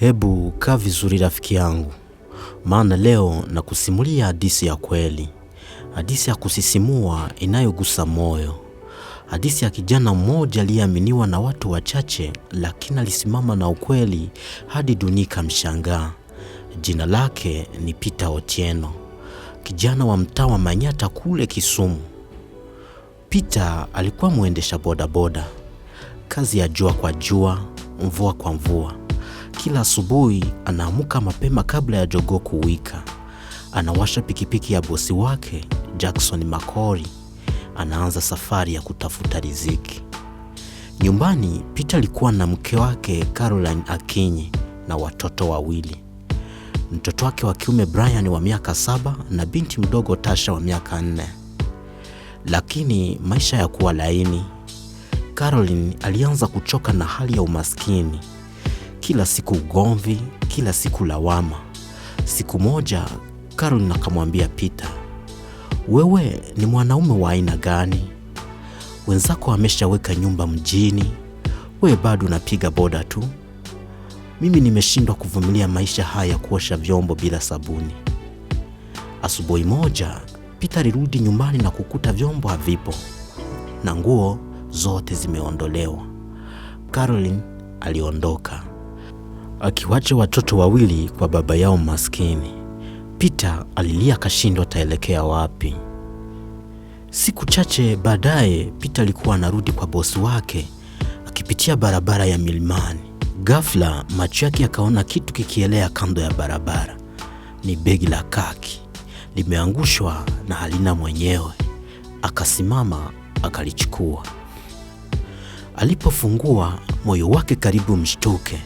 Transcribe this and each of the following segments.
Hebu kaa vizuri rafiki yangu, maana leo nakusimulia hadithi ya kweli, hadithi ya kusisimua inayogusa moyo, hadithi ya kijana mmoja aliyeaminiwa na watu wachache, lakini alisimama na ukweli hadi dunia ikamshangaa. Jina lake ni Peter Otieno, kijana wa mtaa wa Manyata kule Kisumu. Peter alikuwa mwendesha bodaboda, kazi ya jua kwa jua, mvua kwa mvua kila asubuhi anaamka mapema kabla ya jogoo kuwika. Anawasha pikipiki ya bosi wake Jackson Makori, anaanza safari ya kutafuta riziki. Nyumbani, Peter alikuwa na mke wake Caroline Akinyi na watoto wawili, mtoto wake wa kiume Brian wa miaka saba na binti mdogo Tasha wa miaka nne. Lakini maisha ya kuwa laini, Caroline alianza kuchoka na hali ya umaskini. Kila siku ugomvi, kila siku lawama. Siku moja Carolin akamwambia Peter, wewe ni mwanaume wa aina gani? Wenzako ameshaweka nyumba mjini, wewe bado unapiga boda tu. Mimi nimeshindwa kuvumilia maisha haya ya kuosha vyombo bila sabuni. Asubuhi moja Peter alirudi nyumbani na kukuta vyombo havipo na nguo zote zimeondolewa. Carolin aliondoka akiwacha watoto wawili kwa baba yao maskini. Peter alilia akashindwa ataelekea wapi. Siku chache baadaye, Peter alikuwa anarudi kwa bosi wake akipitia barabara ya milimani. Ghafla macho yake akaona kitu kikielea kando ya barabara. Ni begi la kaki limeangushwa na halina mwenyewe. Akasimama akalichukua. Alipofungua moyo wake karibu mshtuke.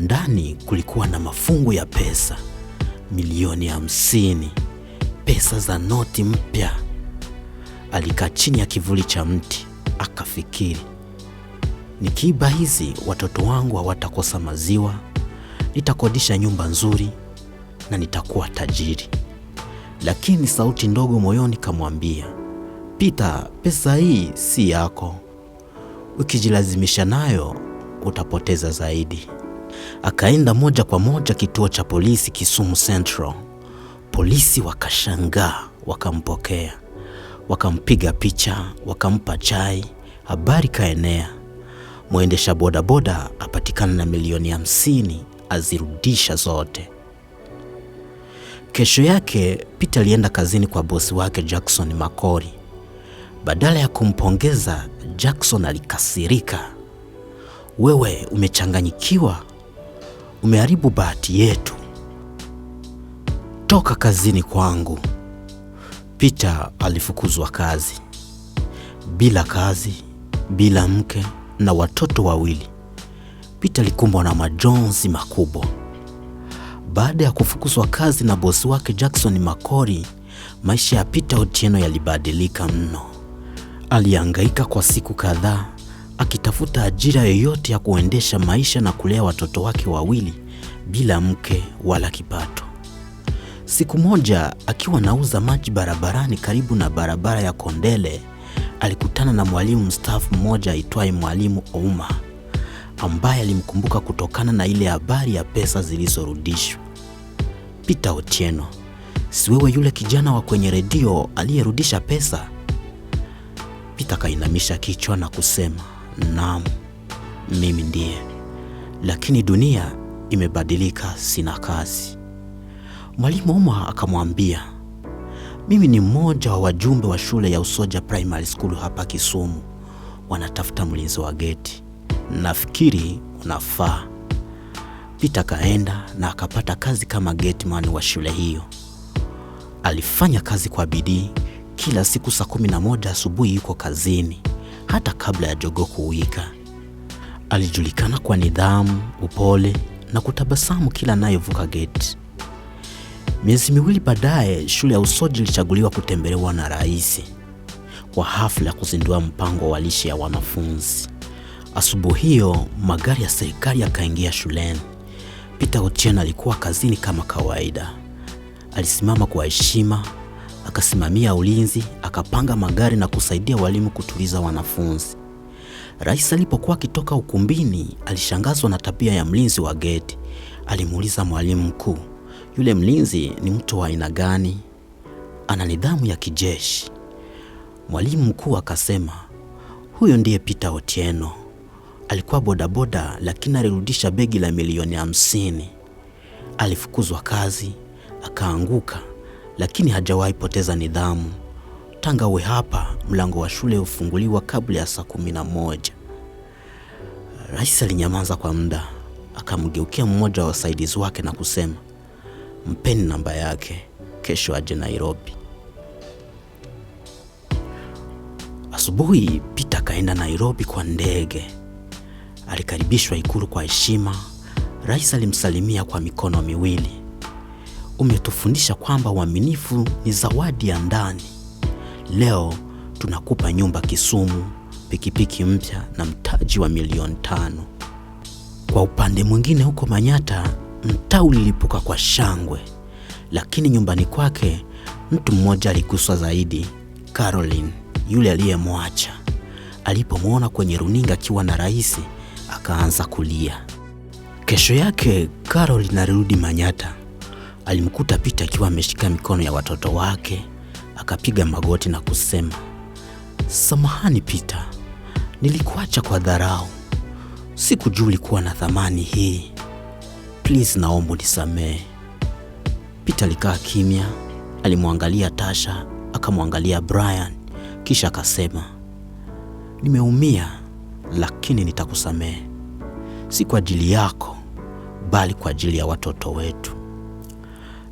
Ndani kulikuwa na mafungu ya pesa milioni hamsini, pesa za noti mpya. Alikaa chini ya kivuli cha mti akafikiri, nikiiba hizi watoto wangu hawatakosa maziwa, nitakodisha nyumba nzuri na nitakuwa tajiri. Lakini sauti ndogo moyoni kamwambia, Pita, pesa hii si yako, ukijilazimisha nayo utapoteza zaidi. Akaenda moja kwa moja kituo cha polisi Kisumu Central. Polisi wakashangaa, wakampokea, wakampiga picha, wakampa chai. Habari kaenea, mwendesha bodaboda apatikana na milioni hamsini, azirudisha zote. Kesho yake Peter alienda kazini kwa bosi wake Jackson Makori. Badala ya kumpongeza Jackson alikasirika, wewe umechanganyikiwa umeharibu bahati yetu. Toka kazini kwangu. Peter alifukuzwa kazi, bila kazi, bila mke na watoto wawili. Peter alikumbwa na majonzi makubwa baada ya kufukuzwa kazi na bosi wake Jackson Makori. Maisha ya Peter Otieno yalibadilika mno. Alihangaika kwa siku kadhaa akitafuta ajira yoyote ya kuendesha maisha na kulea watoto wake wawili bila mke wala kipato. Siku moja akiwa anauza maji barabarani karibu na barabara ya Kondele, alikutana na mwalimu mstaafu mmoja aitwaye Mwalimu Ouma ambaye alimkumbuka kutokana na ile habari ya pesa zilizorudishwa. Peter Otieno, si wewe yule kijana wa kwenye redio aliyerudisha pesa? Peter kainamisha kichwa na kusema, Naam, mimi ndiye, lakini dunia imebadilika, sina kazi. Mwalimu Omar akamwambia, mimi ni mmoja wa wajumbe wa shule ya Usoja Primary School hapa Kisumu, wanatafuta mlinzi wa geti, nafikiri unafaa. Pita kaenda na akapata kazi kama gateman wa shule hiyo. Alifanya kazi kwa bidii, kila siku saa kumi na moja asubuhi yuko kazini hata kabla ya jogo kuuika. Alijulikana kwa nidhamu, upole na kutabasamu kila anayovuka geti. Miezi miwili baadaye, shule ya Usoji ilichaguliwa kutembelewa na rais kwa hafla ya kuzindua mpango wa lishe ya wanafunzi. Asubuhi hiyo magari ya serikali yakaingia shuleni. Peter Otieno alikuwa kazini kama kawaida. Alisimama kwa heshima akasimamia ulinzi, akapanga magari na kusaidia walimu kutuliza wanafunzi. Rais alipokuwa akitoka ukumbini, alishangazwa na tabia ya mlinzi wa geti. Alimuuliza mwalimu mkuu, yule mlinzi ni mtu wa aina gani? Ana nidhamu ya kijeshi. Mwalimu mkuu akasema, huyo ndiye Peter Otieno. Alikuwa bodaboda, lakini alirudisha begi la milioni hamsini. Alifukuzwa kazi, akaanguka lakini hajawahi poteza nidhamu. Tanga we hapa, mlango wa shule hufunguliwa kabla ya saa kumi na moja. Rais alinyamaza kwa muda, akamgeukia mmoja wa wasaidizi wake na kusema, mpeni namba yake, kesho aje Nairobi. Asubuhi Pita akaenda Nairobi kwa ndege. Alikaribishwa Ikulu kwa heshima. Rais alimsalimia kwa mikono miwili umetufundisha kwamba uaminifu ni zawadi ya ndani. Leo tunakupa nyumba Kisumu, pikipiki mpya na mtaji wa milioni tano. Kwa upande mwingine, huko Manyata mtaa ulilipuka kwa shangwe, lakini nyumbani kwake mtu mmoja aliguswa zaidi, Caroline, yule aliyemwacha. Alipomwona kwenye runinga akiwa na rais, akaanza kulia. Kesho yake Caroline alirudi Manyata Alimkuta Pita akiwa ameshika mikono ya watoto wake, akapiga magoti na kusema, samahani Pita, nilikuacha kwa dharau, sikujua ulikuwa na thamani hii. Please, naomba unisamehe. Pita alikaa kimya, alimwangalia Tasha, akamwangalia Brian, kisha akasema, nimeumia, lakini nitakusamehe, si kwa ajili yako, bali kwa ajili ya watoto wetu.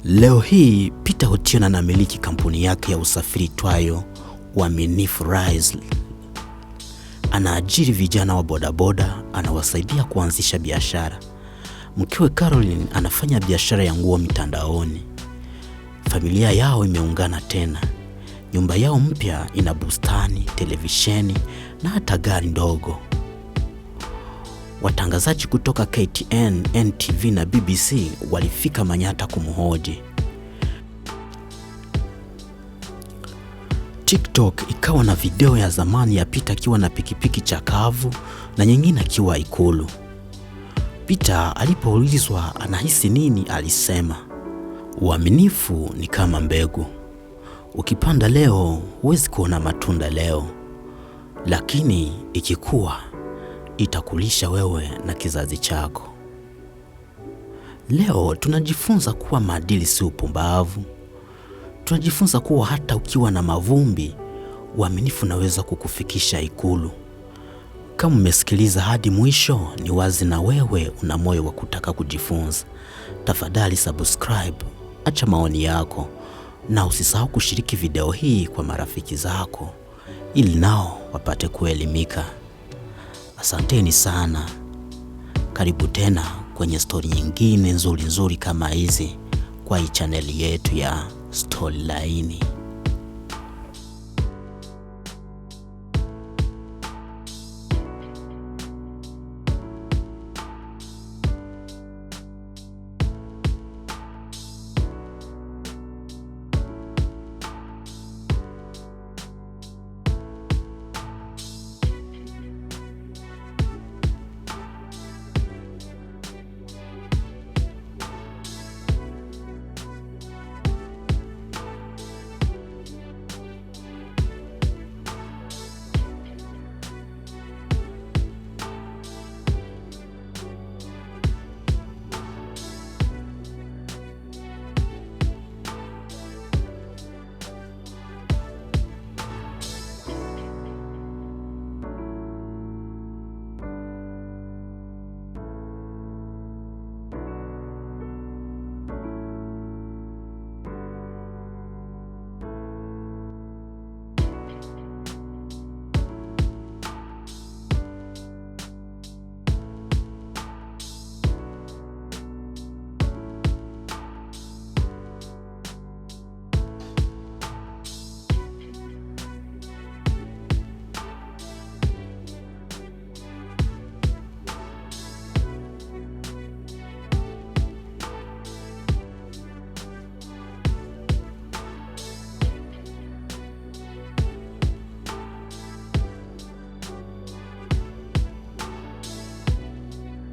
Leo hii Peter Otieno anamiliki kampuni yake ya usafiri twayo Uaminifu Rise. Anaajiri vijana wa bodaboda, anawasaidia kuanzisha biashara. Mkewe Caroline anafanya biashara ya nguo mitandaoni. Familia yao imeungana tena. Nyumba yao mpya ina bustani, televisheni na hata gari ndogo. Watangazaji kutoka KTN, NTV na BBC walifika manyata kumhoji. TikTok ikawa na video ya zamani ya Peter akiwa na pikipiki chakavu na nyingine akiwa Ikulu. Peter alipoulizwa anahisi nini, alisema uaminifu ni kama mbegu, ukipanda leo huwezi kuona matunda leo, lakini ikikua itakulisha wewe na kizazi chako. Leo tunajifunza kuwa maadili si upumbavu. Tunajifunza kuwa hata ukiwa na mavumbi, uaminifu unaweza kukufikisha Ikulu. Kama umesikiliza hadi mwisho, ni wazi na wewe una moyo wa kutaka kujifunza. Tafadhali subscribe, acha maoni yako na usisahau kushiriki video hii kwa marafiki zako ili nao wapate kuelimika. Asanteni sana, karibu tena kwenye stori nyingine nzuri nzuri kama hizi kwa hii chaneli yetu ya Stori Laini.